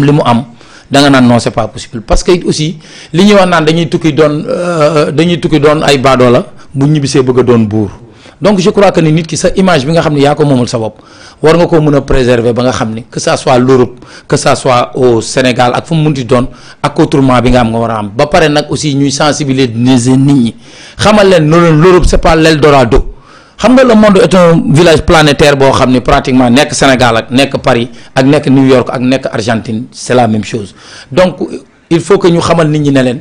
li mu am da nga naan non c'est pas possible parce que it aussi li ñuy wax naan dañuy tukki doon euh, dañuy tukki doon ay baadoo la bu ñibbisee bëgg doon buur donc je crois que ni nit ki sa image bi nga xam ne yaa ko moomal sa bopp war nga ko mën a ba nga xam ni que ça soit l'Europe que ça soit au Sénégal ak fu mu mun munti doon ak autrement bi nga am nga war a am ba pare nag aussi ñuy sensibiliser nit ñi xamal leen ne leen l'Europe c'est pas l'Eldorado xam nga le monde est un village planétaire boo xam ni pratiquement nekk Sénégal ak nekk Paris ak nekk New York ak nekk Argentine c'est la même chose donc il faut que ñu xamal nit ñi ne leen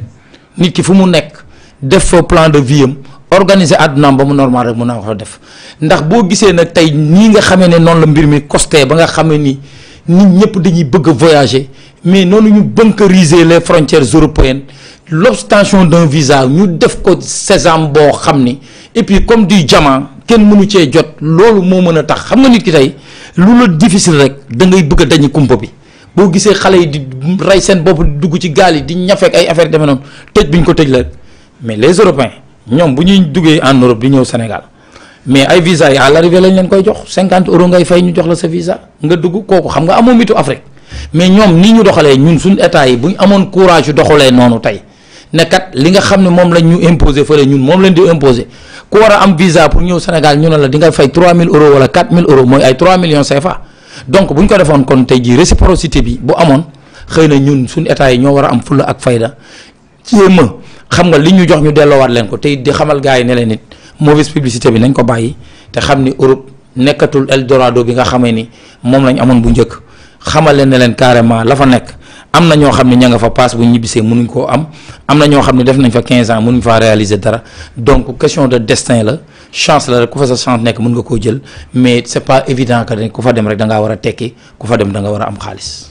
nit ki fu mu nekk def fa plan de vie am organiser ba mu normal rek mun naa ko def ndax boo gisee nag tey nii nga xamee ne noonu la mbir mi costé ba nga xamee ni nit ñëpp dañuy bëgg voyager mais nous ñu bunkériser les frontières européennes l'obtention d'un visa ñu def ko sésame et puis comme du diamant kenn mënu cee jot loolu moo mën tax xam nga nit difficile rek da ngay bëgg a dañu bi boo gisee xale yi di ray sen bopp di dugg ci gal yi di ñafeek ay affaire demee noonu tëj ko tëj la mais les Européens ñom bu ñuy en Europe di ñëw Sénégal mais ay visa yi à lañ leen koy jox cinquante euros ngay fay ñu jox la sa visa nga dugg kooku xam nga amoo mitu Afrique mais ñoom ni ñu doxalee ñun suñu état yi bu ñu amoon courage yu doxalee noonu tey ne li nga xam ne moom lañ ñu imposer fële ñun moom leen di imposer ku war a am visa pour ñëw Sénégal ñu ne la di nga fay 3000 euros wala 4000 euros mooy ay 3 millions CFA donc bu ñu ko defoon kon tey jii réciprocité bi bu amoon xëy na ñun suñu état yi ñoo war a am fulla ak fayda jéem a xam nga li ñu jox ñu delloowaat leen ko tey di xamal gars yi ne leen nit mauvaise publicité bi nañ ko bayyi té xamni ni Europe nekkatul Eldorado bi nga xamee ni moom lañ amone bu ñëk xamalé né leen carrément la fa nek amna ño xamni xam ña nga fa passe bu ñibisé mënuñ ko am amna ño xamni def nañ fa 15 ans mënuñ fa réaliser dara donc question de destin la chance la rek ku fa sa chance nek mën nga koo jël mais c'est pas évident que ko fa dem rek da nga wara a tekki ku fa dem da nga wara am xaliss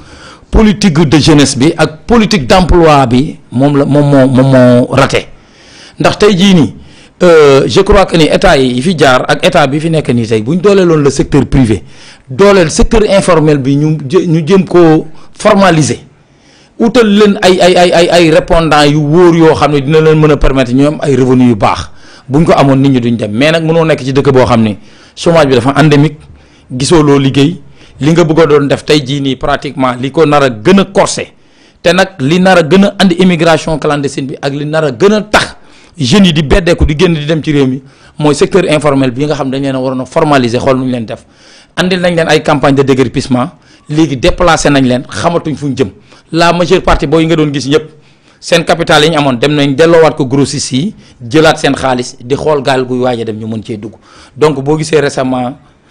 politique de jeunesse bi ak politique d'emploi bi mom la mom mom moom raté ndax tey ni euh je crois que ni état yi fi jaar ak état bi fi nek ni tey buñ ñu lon le secteur privé le secteur informel bi ñu ñu jëm ko formaliser utal leen ay ay ay ay ay répondants yu woor yo xam dina leen mëna permettre ñu am ay revenus yu baax buñ ko amone nit ñi duñ dem mais nak mëno nek ci dëkk bo xam chômage bi dafa endémique gisoo loo liggéey. li nga bëgg doon def tey jii nii pratiquement li ko nara a gën a corsé te nag li nar a gën a andi immigration clandestine bi ak li nar a gën a tax jeunes yi di beddeeku di génn di dem ci réew mi mooy secteur informel bi nga xam dañ leen a waroon a xool nu ñu def andil nañ leen ay campagne de déguerpissement léegi déplacé nañ leen xamatuñ fu ñu jëm la majeure partie booy nga doon gis ñëpp. seen capital yi ñu amoon dem nañ delloo waat ko grossistes yi jëlaat seen xaalis di xool gaal guy waaj dem ñu mën cee dugg donc boo gisee récemment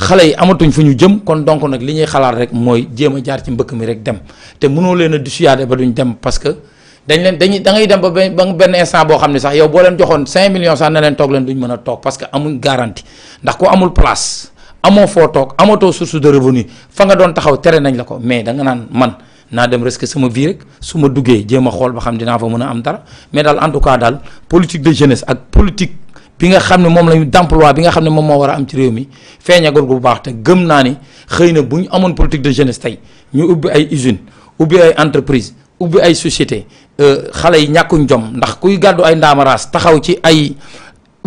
xale yi amatuñ fu ñu jëm kon donc nag li ñuy xalaat rek mooy jéem a jaar ci mbëkk mi rek dem te mënoo leen a dissuader ba duñ dem parce que dañ leen dañuy da ngay dem ba benn instant boo xam ne sax yow boo leen joxoon cinq millions sax na leen toog leen duñ mën a toog parce que amuñ garantie ndax ku amul place amoo foo toog amatoo source de revenu fa nga doon taxaw tere nañ la ko mais da nga naan man naa dem risque sama vie rek su ma duggee jéem a xool ba xam dinaa fa mën a am dara mais daal en tout cas daal politique de ak politique. bi nga xam ne moom lañu demplois bi nga xam ne moom moo war a am ci réew mi feeñagul bu baax te gëm naa ni xëy na bu ñu amoon politique de jeunesse tey ñu ubbi ay usine ubbi ay entreprise ubbi ay société euh, xale yi ñàkkuñ jom ndax kuy gàddu ay ndaamaraas taxaw ci ay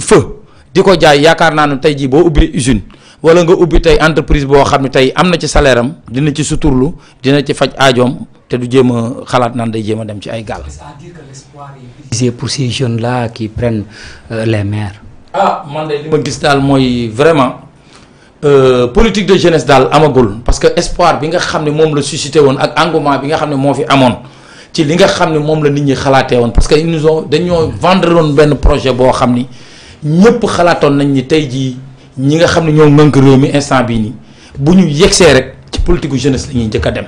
feu di ko jaay yaakaar naa ne tey jii boo ubbi usine wala nga ubbi tey entreprise boo xam ne tey am na ci salaire am dina ci suturlu dina ci faj aajoom te du jéem a xalaat naan day jéem a dem ci ay gaal. c'est-à-dire pour ces jeunes la qui prennent euh, les maire ah man de li ma gis daal mooy vraiment euh, politique de jeunesse daal amagul parce que espoir bi nga xam ne moom la suscité woon ak engouement bi nga xam ne moo fi amoon. ci li nga xam ne moom la nit ñi xalaatee woon parce que ils dañoo vendre woon benn projet boo xam ni ñëpp xalaatoon nañ ni tey jii ñi nga xam ne ñoo ngënk mi instant bii nii bu ñu yegsee rek ci politique jeunesse la ñuy njëkk a dem.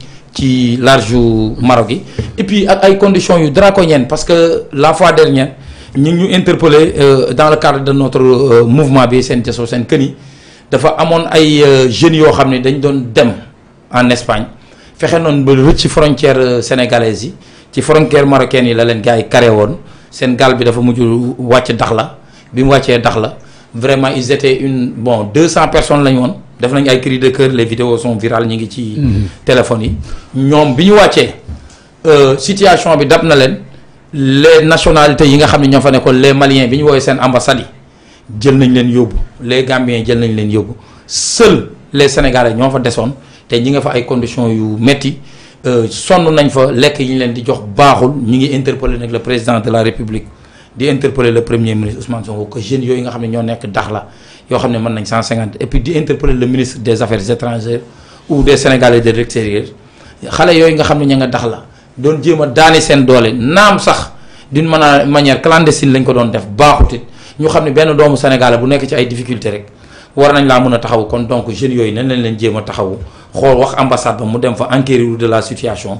ci large Maroc et puis avec ay conditions draconiennes parce que la fois dernière nous nous ñu interpellés euh, dans le cadre de notre euh, mouvement bi seen de façon à yi dafa amoon ay euh, jeunes qui ont dañ en Espagne fexe non ba sur la frontière sénégalaise yi ci frontière marocaine la langue gars yi carré woon seen gaal bi dafa mujj wàcc Dakhla bi mu Dakhla vraiment ils étaient une bon 200 personnes la haut def nañ ay cri de cœur les vidéos sont virales ñi ngi ci mhm. téléphone yi ñom biñu waccé wàccee euh, situation bi dab na leen les nationalités yi nga xam ne ñoo fa nekkoon les maliens biñu ñu sen ambassade yi jël nañ leen yobbu les gambiens jël nañ leen yobbu seul les sénégalais ñoo fa desoon te ñi nga fa ay conditions yu metti euh, sonu nañ fa lek yi ñu leen di jox baxul ñi ngi interpeller nak le président de la république di interpeller le premier ministre Ousmane Sonko que jeune yoy nga xamni ño ñoo nekk Dakhla yoo xam mën nañ 150 et puis di interpeller le ministre des affaires étrangères ou des sénégalais de l'extérieur xalé yoy nga xam ñinga ña la doon jéem a sen seen doole naam sax d'une manière clandestine lañ ko doon def baaxutit ñu xam ne doomu sénégalais bu nekk ci ay difficultés rek war nañ la mëna taxaw kon donc jeune yoy nañ leen leen jéem a taxawu wax ambassade mu dem fa enquérir de la situation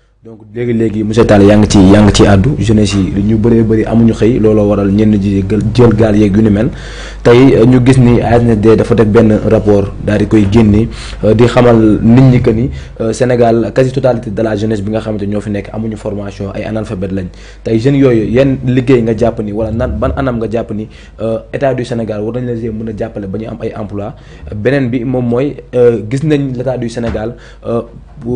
donc léegi léegi monsieur Tall yaa ngi ci yaa ngi ci àddu jeunesse yi ñu bëree bëri amuñu xëy looloo waral ñenn ji jël gaal yeeg yu ni mel tey euh, ñu gis ni ANSD dafa def benn rapport daal di koy génne euh, di xamal nit ñi que ni euh, Sénégal quasi totalité de la jeunesse bi nga xamante ñoo fi nekk amuñu formation ay analphabète lañ tey jeunes yooyu yan liggéey nga jàpp ni wala nan ban anam nga jàpp ni état du Sénégal war nañ la see mën a jàppale ba ñu am ay emploi beneen bi moom mooy gis nañ l'état du Sénégal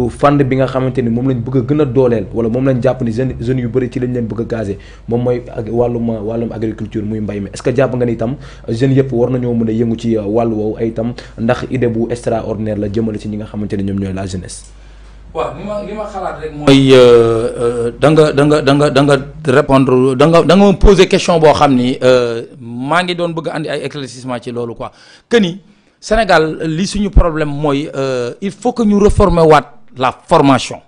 fànn bi nga xamante ni moom lañ bëgg gën a wala mom lañ japp ni jeune jeunes yu bëri ci lañ leen bëgg gazer mom moy mooy ak wàllum wàllum agriculture muy mbay mi est-ce que japp nga ni tam jeune yëpp war nañoo mën yëngu ci uh, walu woowu ay tam ndax idée bu extraordinaire la jëmale ci ñi nga xamante ne ñoom la jeunesse. wa li ma xalaat rek mooy euh, euh, da nga da nga da nga da nga répondre da nga da nga poser question bo xamni euh ma ngi doon bëgg andi ay éclaircissement ci lolu quoi que ni Sénégal li suñu problème moy euh il faut que ñu réformer waat la formation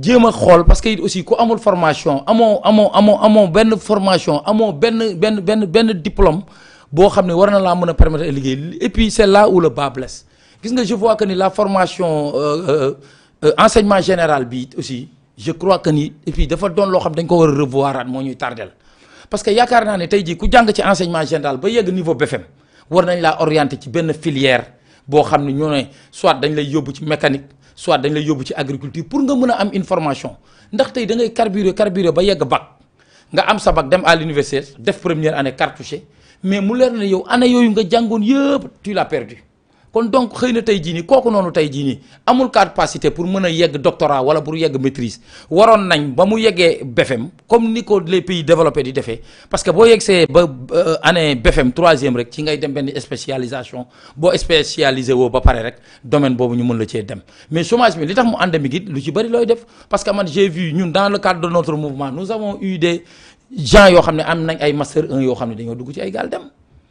jéem xol parce que aussi ku amul formation amo amo amo ben benn formation amo ben ben ben ben diplôme bo xamné ne la na laa mën a permettre et puis c'est là où le bât blesse gis nga je vois que ni la formation euh, euh, euh enseignement général bi aussi je crois que ni et puis dafa don lo xam dañ ko war a mo ñuy tardel parce que yaakaar naa ne tey ku jang ci enseignement général ba yegg niveau BFM war nañ la orienter ci ben filière bo xamné ñoy soit dañ lay yóbbu ci mécanique soit dañ lay yóbbu ci agriculture pour nga mën am une ndax tay da ngay carburé carburé ba yegg bac nga am sa bac dem à l'université def première année cartouché mais mu leer na yow année yooyu nga jàngoon yëpp tu l'as perdu kon donc xeyna na tey jii nii kooku noonu tey jii amul capacité pour meuna yegg doctorat wala pour yegg maîtrise waron nañ ba mu BFM, BFEM comme niko les pays développés di défé parce que yegg yeggsee ba euh, année 3 troisième rek ci ngay dem ben spécialisation bo spécialisé wo ba paré rek domaine bobu ñu mën la dem mais chômage bi li tax mu mi git lu ci bari loy def parce que man j'ai vu ñun dans le cadre de notre mouvement nous avons eu des gens yo xamné ne am nañ ay master 1 yo xamné ne dañoo dugg ci ay gal dem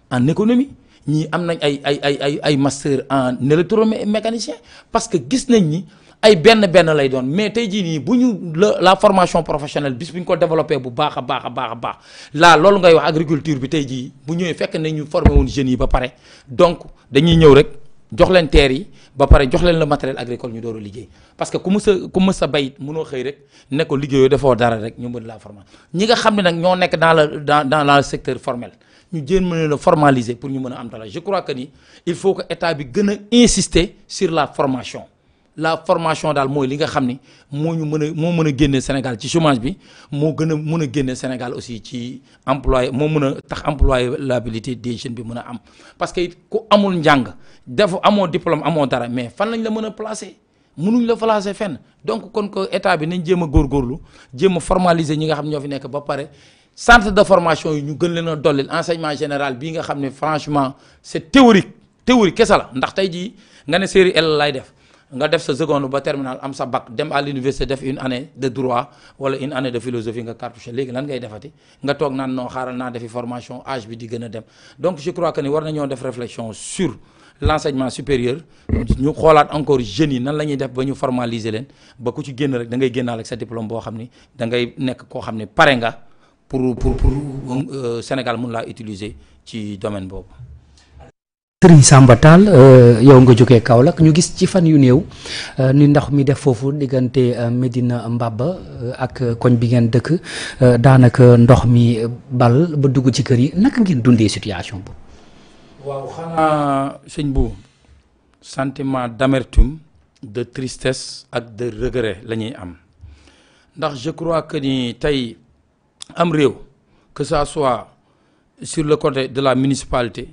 en économie ñii am nañ ay ay ay ay ay master en électromécanicien parce que gis nañ ni ay benn benn lay doon mais tey jii nii bu ñu la formation professionnelle bis bu ñu ko développé bu baax a baax a baax a baax laa loolu ngay wax agriculture bi tey jii bu ñëwee fekk na ñu formé woon jeunes yi ba pare donc dañuy ñëw rek jox leen terre yi ba pare jox leen le matériel agricole ñu door a liggéey parce que ku mës ku mës bay mënoo xëy rek ne ko liggéeyoo defoo dara rek ñu mën la formation ñi nga xam ne nag ñoo nekk dans le dans dans le secteur formel nous devons le formaliser pour ñu mën à am dara je crois que ni il faut que état bi insister sur la formation la formation dans le li nga gars, ni moo ñu mën a moo Sénégal ci chômage bi moo gën a mën Sénégal aussi ci emploie, moo mën a tax employabilité des jeunes bi mën am parce que it ku amul njàng dafa amoo diplôme amoo dara mais fan lañ la mën a placer mënuñ la placer fenn donc kon ko état bi nañ jéem a góorgóorlu jéem formaliser ñi nga xam ñoo fi nekk ba centre de formation nous ñu gën leen a enseignement général bi nga xamné franchement c'est théorique théorique kese la ndax tay ji nga né série L lay def nga def sa seconde ba terminal am sa bac dem à l'université def une année de droit wala une année de philosophie nga cartouché légui lan ngay defati nga tok nan noo xaral na defi formation âge bi di gëna dem donc je crois que ni war nañoo def réflexion sur l'enseignement supérieur ñu xolaat encore jeune yi nan la def ba ñu formaliser leen ba ku ci génn rek da ngay génnaal ak sa diplôme bo xam da ngay nekk ko xam paré nga pour pour pour euh, Sénégal mun laa utiliser ci domaine boobu. Sëriñ Samba Tall euh, yow nga jógee Kaolack ñu gis ci fan yu néew euh, ni ndox mi def foofu diggante Medina Mbaba ak koñ bi ngeen dëkk daanaka ndox mi bal ba dugg ci kër yi naka ngeen dundee situation bu waaw xanaa sëñ bu sentiment d'amertume de tristesse ak de regret la ñuy am ndax je crois que ni tey. am réew que ça soit sur le côté de la municipalité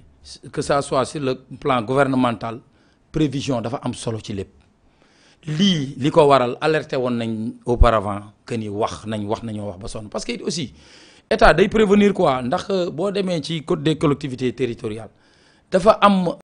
que ça soit sur le plan gouvernemental prévision dafa am solo ci lépp lii li ko waral alerté woon nañ auparavant que ni wax nañ wax nañoo wax ba sonn parce que it aussi état day prévenir quoi ndax euh, boo demee ci code des collectivités territoriales dafa am